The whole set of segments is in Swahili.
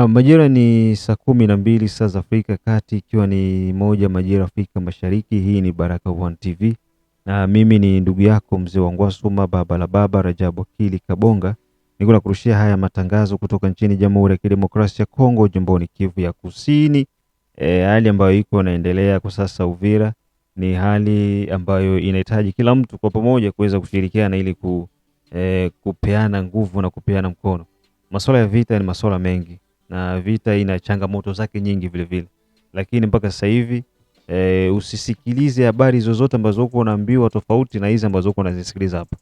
Na majira ni saa kumi na mbili saa za Afrika Kati, ikiwa ni moja majira Afrika Mashariki. Hii ni Baraka One TV na mimi ni ndugu yako mzee wa Ngwasuma, baba la baba Rajabu Akili Kabonga, niko na kurushia haya matangazo kutoka nchini Jamhuri ya Kidemokrasia ya Kongo, jimboni Kivu ya Kusini. E, hali ambayo iko inaendelea kwa sasa Uvira ni hali ambayo inahitaji kila mtu kwa pamoja kuweza kushirikiana ili ku, e, kupeana nguvu na kupeana mkono. Masuala ya vita ni masuala mengi na vita ina changamoto zake nyingi vile vile, lakini mpaka sasa hivi e, usisikilize habari zozote ambazo uko unaambiwa tofauti na hizi ambazo uko unazisikiliza hapa.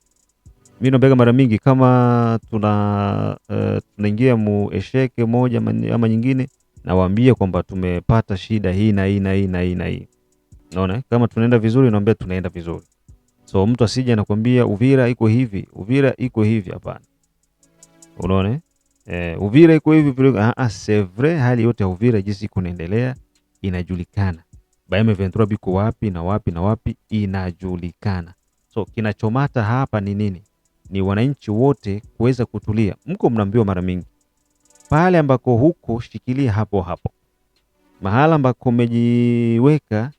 Mimi naomba mara mingi kama tuna uh, tunaingia mu esheke moja ama nyingine, nawaambia kwamba tumepata shida hii na hii na hii na hii na hii. Unaona, kama tunaenda vizuri, naambia tunaenda vizuri. So mtu asije anakwambia Uvira iko hivi, Uvira iko hivi, hapana. Unaona? eh, Uvira iko hivi vile. Ah, ah, c'est vrai, hali yote ya Uvira jinsi kunaendelea inajulikana. Ba M23 biko wapi na wapi na wapi inajulikana. So kinachomata hapa ni nini? Ni wananchi wote kuweza kutulia. Mko mnaambiwa mara mingi pale ambako huko shikilia hapo hapo, mahala ambako umejiweka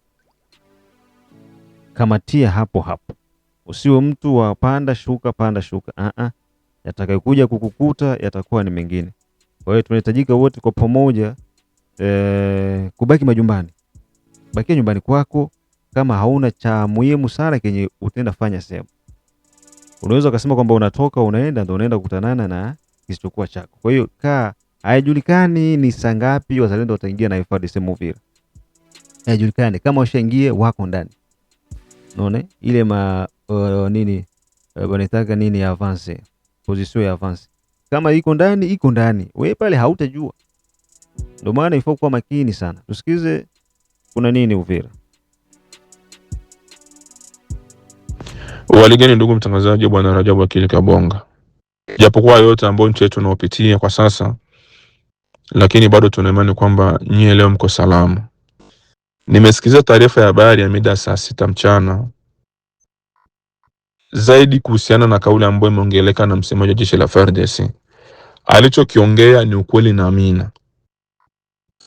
kamatia hapo hapo, usiwe mtu wa panda shuka panda shuka. uh -uh yatakayokuja kukukuta yatakuwa ni mengine. Kwa hiyo tunahitajika wote kwa pamoja e, kubaki majumbani. Bakia nyumbani kwako kama hauna cha muhimu sana kenye utenda fanya sehemu. Unaweza ukasema kwamba unatoka unaenda ndio unaenda kukutanana na kisichokuwa chako. Kwa hiyo kaa, haijulikani ni saa ngapi wazalendo wataingia na hifadhi sehemu vile. Haijulikani kama washaingia wako ndani. Unaona? Ile ma uh, nini uh, eh, wanataka nini avance position ya avance. Kama iko ndani, iko ndani, wewe pale hautajua. Ndio maana ifo kuwa makini sana. Tusikize kuna nini Uvira. Waligeni ndugu mtangazaji, bwana Rajabu Akili Kabonga. Japokuwa yote ambayo nchi yetu inaopitia kwa sasa, lakini bado tuna imani kwamba nyie leo mko salama. Nimesikiza taarifa ya habari ya mida saa sita mchana zaidi kuhusiana na kauli ambayo imeongeleka na msemaji wa jeshi la FARDC. Alichokiongea ni ukweli na amina,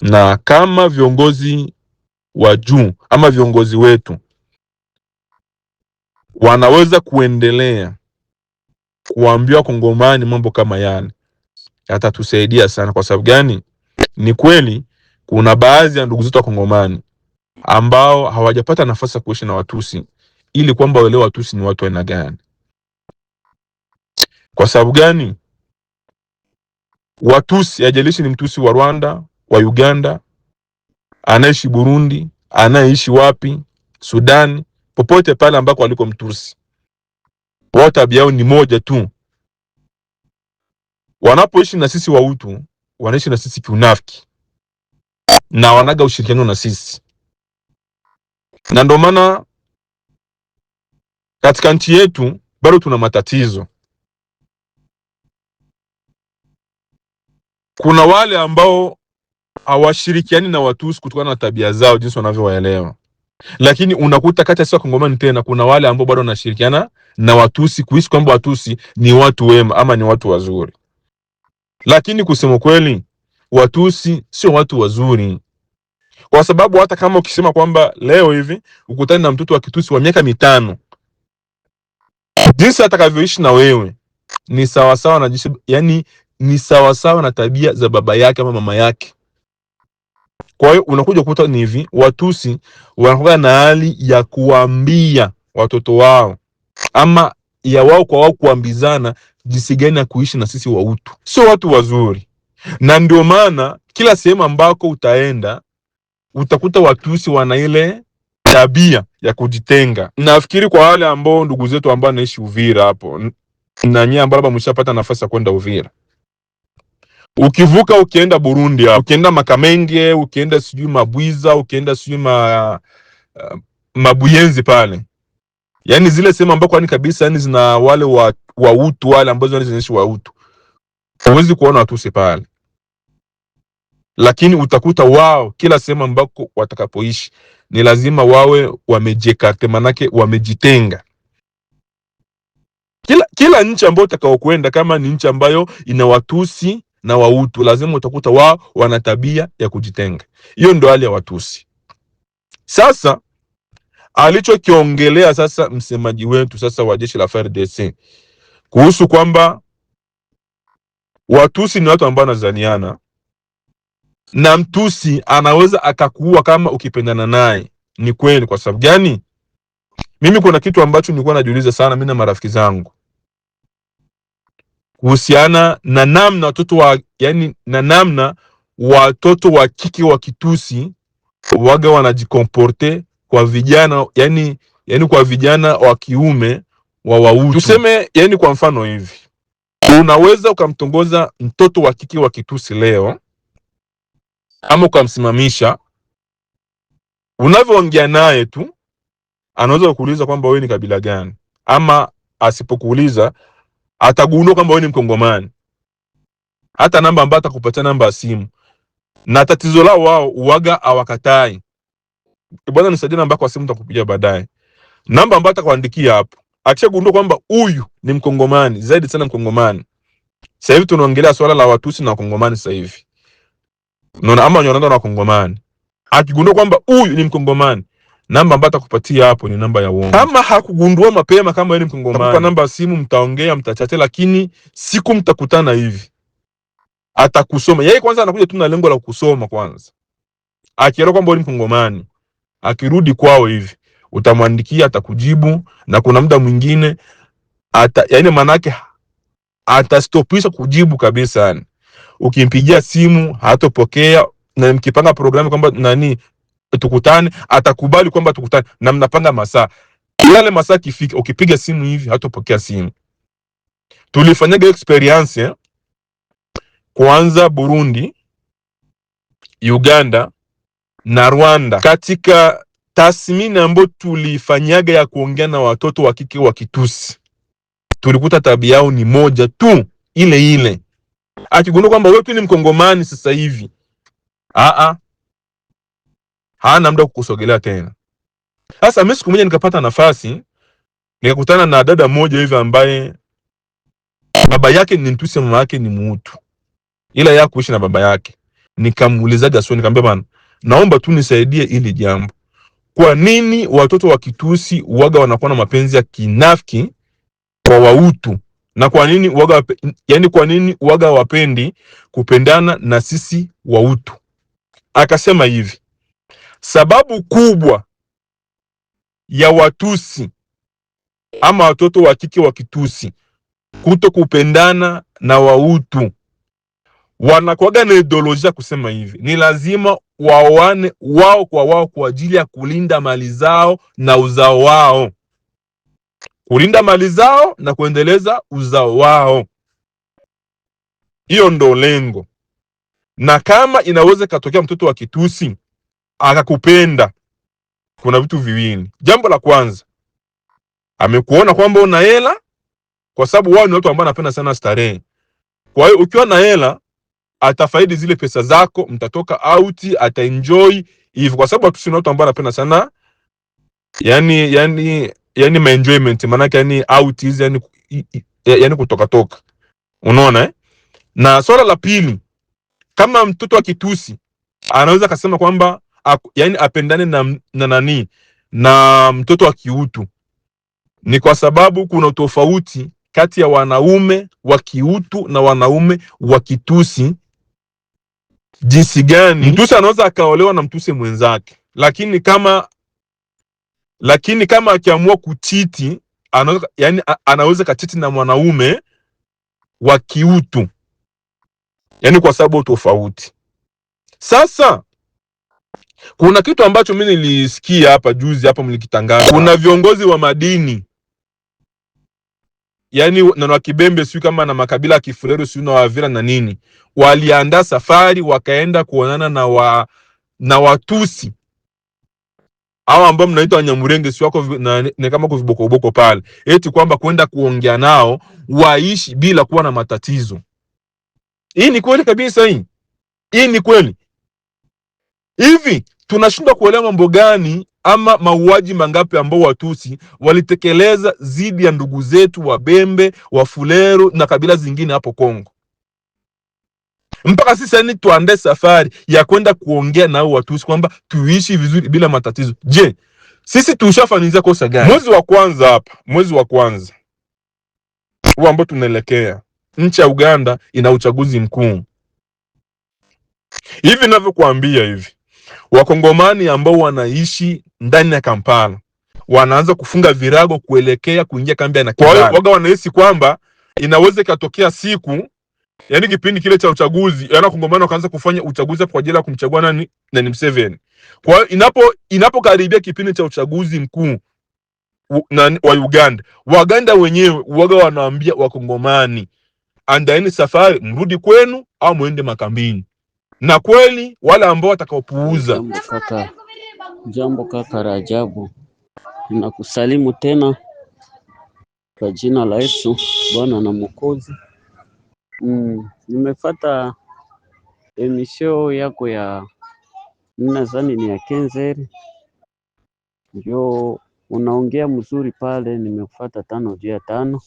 na kama viongozi wa juu ama viongozi wetu wanaweza kuendelea kuambia wakongomani mambo kama yale, yatatusaidia sana. Kwa sababu gani? Ni kweli kuna baadhi ya ndugu zetu wakongomani ambao hawajapata nafasi ya kuishi na Watusi ili kwamba waelewa Watusi ni watu aina gani. Kwa sababu gani? Watusi ajalishi ni mtusi wa Rwanda, wa Uganda, anaishi Burundi, anayeishi wapi, Sudani, popote pale ambako aliko Mtusi, wao tabia yao ni moja tu. Wanapoishi na sisi wautu, wanaishi na sisi kiunafiki na wanaga ushirikiano na sisi, na ndio maana katika nchi yetu bado tuna matatizo. Kuna wale ambao hawashirikiani na Watusi kutokana na tabia zao jinsi wanavyowaelewa, lakini unakuta kati ya sisi Wakongomani tena kuna wale ambao bado wanashirikiana na Watusi kuhisi kwamba Watusi ni watu wema ama ni watu wazuri, lakini kusema kweli, Watusi sio watu wazuri kwa sababu hata kama ukisema kwamba leo hivi ukutane na mtoto wa Kitusi wa miaka mitano Jinsi atakavyoishi na wewe ni sawasawa na jinsi, yani ni sawasawa na tabia za baba yake ama mama yake. Kwa hiyo unakuja kukuta ni hivi, Watusi wanakuwa na hali ya kuambia watoto wao ama ya wao kwa wao kuambizana jinsi gani ya kuishi na sisi wautu. Sio watu wazuri, na ndio maana kila sehemu ambako utaenda utakuta Watusi wana ile tabia ya kujitenga. Nafikiri kwa wale ambao ndugu zetu ambao anaishi Uvira hapo na nyie ambao labda mshapata nafasi ya kwenda Uvira, ukivuka ukienda Burundi hapo, ukienda Makamenge, ukienda sijui Mabwiza, ukienda sijui ma, uh, Mabuyenzi pale, yani zile sehemu ambako ni kabisa yani zina wale wa, wa utu wale ambao yani zinaishi wa utu, huwezi kuona Watusi pale, lakini utakuta wao kila sehemu ambako watakapoishi ni lazima wawe wamejikarte, manake wamejitenga. Kila, kila nchi ambayo utakaokwenda kama ni nchi ambayo ina Watusi na Wautu, lazima utakuta wao wana tabia ya kujitenga. Hiyo ndio hali ya Watusi. Sasa alichokiongelea sasa msemaji wetu sasa wa jeshi la FARDC kuhusu kwamba Watusi ni watu ambao wanazaniana na mtusi anaweza akakuua kama ukipendana naye. Ni kweli. Kwa sababu gani? Mimi kuna kitu ambacho nilikuwa najiuliza sana mimi na marafiki zangu kuhusiana na namna watoto wa yani, na namna watoto wa kike wa kitusi waga wanajikomporte kwa vijana yani, yani kwa vijana wa kiume wa wautu tuseme, yani kwa mfano hivi, unaweza ukamtongoza mtoto wa kike wa kitusi leo ama ukamsimamisha, unavyoongea naye tu anaweza kukuuliza kwamba wewe ni kabila gani, ama asipokuuliza atagundua kwamba wewe ni Mkongomani, hata namba ambayo atakupatia namba ya simu. Na tatizo lao wao uwaga awakatai bwana, nisaidie namba kwa simu, nitakupigia baadaye. Namba ambayo atakuandikia hapo, akishagundua kwamba huyu ni Mkongomani, zaidi sana Mkongomani. Sasa hivi tunaongelea swala la Watusi na Wakongomani sasa hivi Unaona, ama wanaenda na Kongomani, akigundua kwamba huyu ni Mkongomani, namba ambayo atakupatia hapo ni namba ya uongo. Kama hakugundua mapema kama yeye ni Mkongomani, namba simu, mtaongea mtachate, lakini siku mtakutana hivi atakusoma yeye. Kwanza anakuja tu na lengo la kusoma kwanza, akielewa kwamba wewe ni Mkongomani, akirudi kwao hivi utamwandikia, atakujibu na kuna muda mwingine ata, yaani maanake atastopisha kujibu kabisa yani ukimpigia simu hatopokea, na mkipanga programu kwamba nani tukutane, atakubali kwamba tukutane, na mnapanga masaa yale masaa kifika, ukipiga simu hivi hatopokea simu. Tulifanyaga experience eh? Kwanza Burundi, Uganda na Rwanda katika tathmini ambayo tulifanyaga ya kuongea na watoto wa kike wa Kitusi tulikuta tabia yao ni moja tu ile ile akigundua kwamba wewe tu ni mkongomani sasa hivi, aa, hana muda kukusogelea tena. Sasa mimi siku moja nikapata nafasi nikakutana na dada mmoja hivi ambaye baba yake ni Mtusi, mama yake ni Mhutu, ila yeye kuishi na baba yake. Nikamuulizaje asio, nikamwambia bana, naomba tu nisaidie ili jambo. Kwa nini watoto wa Kitusi waga wanakuwa na mapenzi ya kinafiki kwa Wahutu na kwa nini uwaga, yani kwa nini waga wapendi kupendana na sisi wautu? Akasema hivi, sababu kubwa ya Watusi ama watoto wa kike wa Kitusi kuto kupendana na wautu wanakuwaga na ideolojia kusema hivi, ni lazima waoane wao kwa wao kwa ajili ya kulinda mali zao na uzao wao kulinda mali zao na kuendeleza uzao wao. Hiyo ndo lengo. Na kama inaweza ikatokea mtoto wa kitusi akakupenda, kuna vitu viwili. Jambo la kwanza, amekuona kwamba una hela, kwa sababu wao ni watu ambao wanapenda sana starehe. Kwa hiyo ukiwa na hela atafaidi zile pesa zako, mtatoka out, ataenjoy hivyo, kwa sababu watu ni watu ambao wanapenda sana yani, yani yani maenjoyment maanake yani out is yani, yani kutoka toka unaona eh? Na swala la pili, kama mtoto wa kitusi anaweza akasema kwamba yani apendane na, na nani na mtoto wa kiutu, ni kwa sababu kuna utofauti kati ya wanaume wa kiutu na wanaume wa kitusi. Jinsi gani mm-hmm. mtusi anaweza akaolewa na mtusi mwenzake, lakini kama lakini kama akiamua kuchiti anaweza, yani, anaweza kachiti na mwanaume wa kiutu, yani kwa sababu tofauti. Sasa kuna kitu ambacho mimi nilisikia hapa juzi hapa mlikitangaza, kuna viongozi wa madini yani na Wakibembe sio kama na makabila ya Kifuleru sio na Wavira na nini, waliandaa safari wakaenda kuonana na, wa, na Watusi au ambao mnaitwa Wanyamurenge si wako ni kama kwa boko pale, eti kwamba kwenda kuongea nao waishi bila kuwa na matatizo. Hii ni kweli kabisa, hii hii ni kweli. Hivi tunashindwa kuelewa mambo gani ama mauaji mangapi ambao Watusi walitekeleza dhidi ya ndugu zetu Wabembe, Wafulero na kabila zingine hapo Kongo? mpaka sisi yani tuandae safari ya kwenda kuongea nao watusi kwamba tuishi vizuri bila matatizo. Je, sisi tushafaniza kosa gani? Mwezi wa kwanza hapa, mwezi wa kwanza huu ambao tunaelekea, nchi ya Uganda ina uchaguzi mkuu. Hivi ninavyokuambia hivi, wakongomani ambao wanaishi ndani ya Kampala wanaanza kufunga virago kuelekea kuingia kambi ya Nakibale. Kwa hiyo waga wanahisi kwamba inaweza ikatokea siku Yaani kipindi kile cha uchaguzi, yaani wakongomani wakaanza kufanya uchaguzi hapo kwa ajili ya kumchagua nani nani Museveni. Kwa hiyo inapo inapokaribia kipindi cha uchaguzi mkuu nani, wa Uganda, Waganda wenyewe waga wanaambia wakongomani andaeni safari, mrudi kwenu au mwende makambini. Na kweli wale ambao watakaopuuza Jambo kaka, jambo kaka Rajabu, nakusalimu tena kwa jina la Yesu Bwana na Mwokozi. Mm, nimefata emisho yako ya minazani ni ya Kenzel njo unaongea mzuri pale, nimefata tano juu ya tano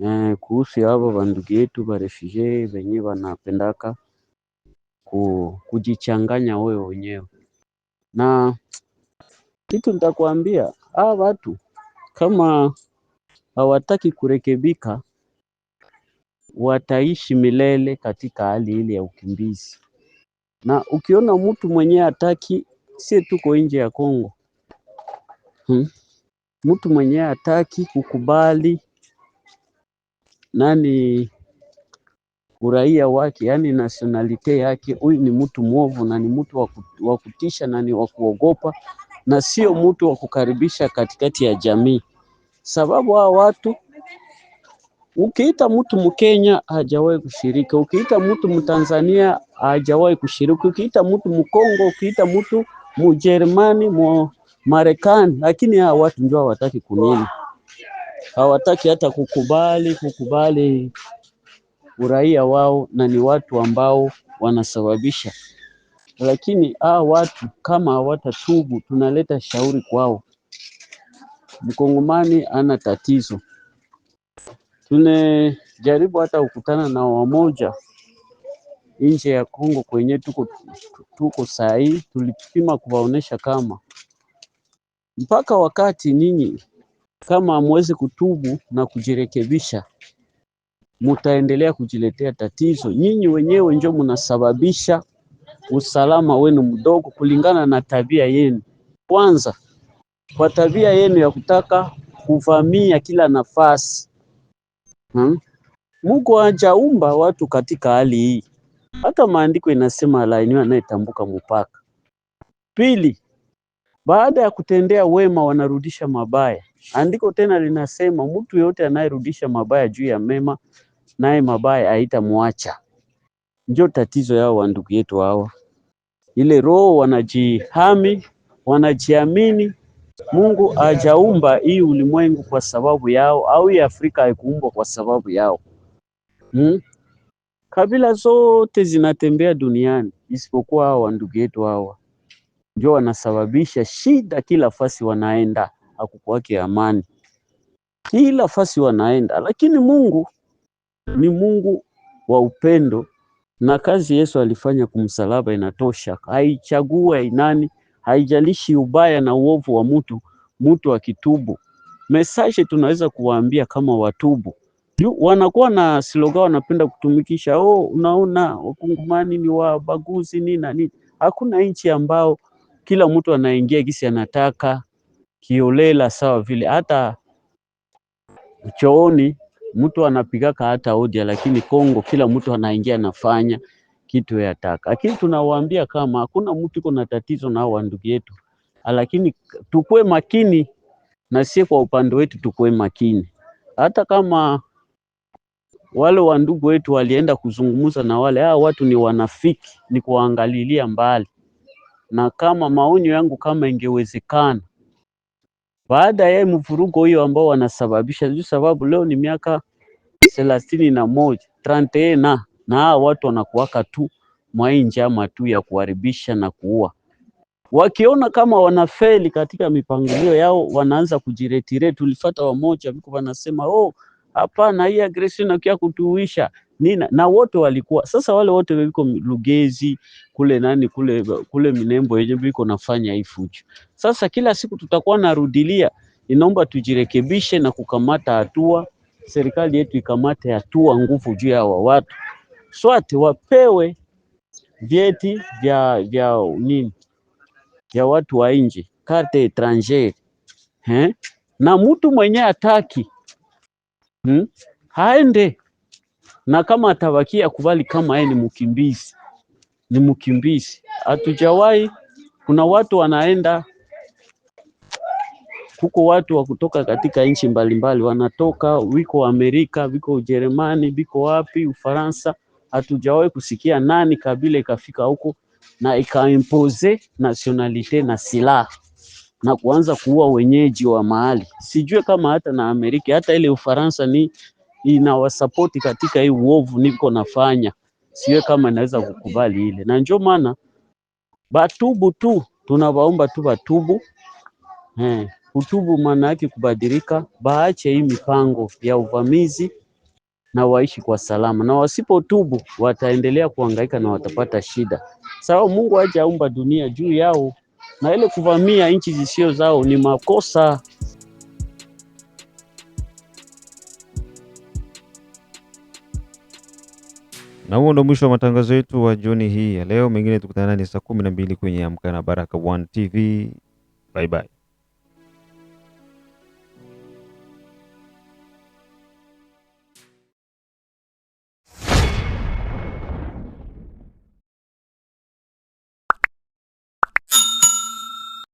eh, kuhusu hapo bandugu yetu barefugie benye banapendaka ku, kujichanganya wewe wenyewe na kitu nitakwambia, hawa watu kama hawataki kurekebika wataishi milele katika hali ile ya ukimbizi. Na ukiona mtu mwenye hataki, sie tuko nje ya Kongo hmm? Mtu mwenye hataki kukubali nani uraia wake, yaani nationality yake, huyu ni mtu mwovu na ni mtu wa kutisha na ni wa kuogopa na sio mtu wa kukaribisha katikati ya jamii, sababu hao watu Ukiita mtu Mkenya hajawahi kushiriki, ukiita mtu Mtanzania hajawahi kushiriki, ukiita mtu Mkongo, ukiita mtu Mjerumani, mu Marekani, lakini hawa watu ndio hawataki kunini, hawataki hata kukubali kukubali uraia wao, na ni watu ambao wanasababisha. Lakini hawa watu kama hawatatubu, tunaleta shauri kwao. Mkongomani ana tatizo tunejaribu hata kukutana na wamoja nje ya Kongo kwenye tuko, tuko sahii, tulipima kuwaonesha kama mpaka wakati ninyi kama hamwezi kutubu na kujirekebisha, mutaendelea kujiletea tatizo. Nyinyi wenyewe ndio mnasababisha usalama wenu mdogo kulingana na tabia yenu. Kwanza kwa tabia yenu ya kutaka kuvamia kila nafasi hmm? Mungu hajaumba watu katika hali hii. Hata maandiko inasema laaniwa anayetambuka mpaka. Pili, baada ya kutendea wema wanarudisha mabaya. Andiko tena linasema mtu yote anayerudisha mabaya juu ya mema, naye mabaya haitamwacha. Ndio tatizo yao wandugu yetu hawa, ile roho wanajihami, wanajiamini Mungu hajaumba hii ulimwengu kwa sababu yao, au hii Afrika haikuumbwa kwa sababu yao hmm? Kabila zote zinatembea duniani isipokuwa hawa ndugu yetu hawa ndio wanasababisha shida kila fasi wanaenda, hakukuwake amani kila fasi wanaenda. Lakini Mungu ni Mungu wa upendo, na kazi Yesu alifanya kumsalaba inatosha, haichague inani haijalishi ubaya na uovu wa mtu. Mtu akitubu, message tunaweza kuwaambia kama watubu. Wanakuwa na slogan wanapenda kutumikisha, oh, unaona wakungumani ni wabaguzi nini na nini. Hakuna nchi ambao kila mtu anaingia kisi anataka kiolela sawa vile, hata chooni mtu anapigaka hata odia, lakini Kongo kila mtu anaingia anafanya kitu ya taka, lakini tunawaambia kama hakuna mtu iko na tatizo na hawa ndugu yetu, ah, lakini tukue makini na sisi kwa upande wetu tukue makini, hata kama wale wa ndugu wetu walienda kuzungumza na wale hao watu, ni wanafiki, ni kuangalilia mbali. Na kama maonyo yangu, kama ingewezekana, baada ya mvurugo hiyo ambao wanasababisha juu, sababu leo ni miaka thelathini na moja trantena na hawa watu wanakuwaka tu mwai njama tu ya kuharibisha na kuua. Wakiona kama wanafeli katika mipangilio yao, wanaanza kujiretire. Tulifata wamoja viko wanasema oh, hapana, hii agression nakia kutuisha nina na wote walikuwa sasa, wale wote wiko Lugezi kule nani kule kule Minembo yenye biko nafanya hii fujo. Sasa kila siku tutakuwa narudilia, inaomba tujirekebishe na kukamata hatua, serikali yetu ikamate hatua nguvu juu ya hawa watu swati wapewe vyeti vya vya nini vya watu wa nje carte étrangère eh, na mtu mwenye ataki hmm? haende na kama atabakia kubali kama yeye ni mkimbizi, ni mkimbizi. Hatujawahi kuna watu wanaenda huko, watu wa kutoka katika nchi mbalimbali wanatoka, wiko Amerika, wiko Ujerumani, wiko wapi Ufaransa hatujawahi kusikia nani kabila ikafika huko na ikaimpose nationalite na silaha na kuanza kuua wenyeji wa mahali. Sijue kama hata na Amerika hata ile Ufaransa ni inawasapoti katika hii uovu niko nafanya, siwe kama naweza kukubali ile, na ndio maana batubu tu tunawaomba tu batubu eh, kutubu maana yake kubadilika, baache hii mipango ya uvamizi na waishi kwa salama, na wasipotubu wataendelea kuangaika na watapata shida, sababu Mungu hajaumba dunia juu yao, na ile kuvamia nchi zisio zao ni makosa. Na huo ndo mwisho wa matangazo yetu wa jioni hii ya leo. Mengine tukutana ni saa kumi na mbili kwenye Amka na Baraka One TV. Bye bye.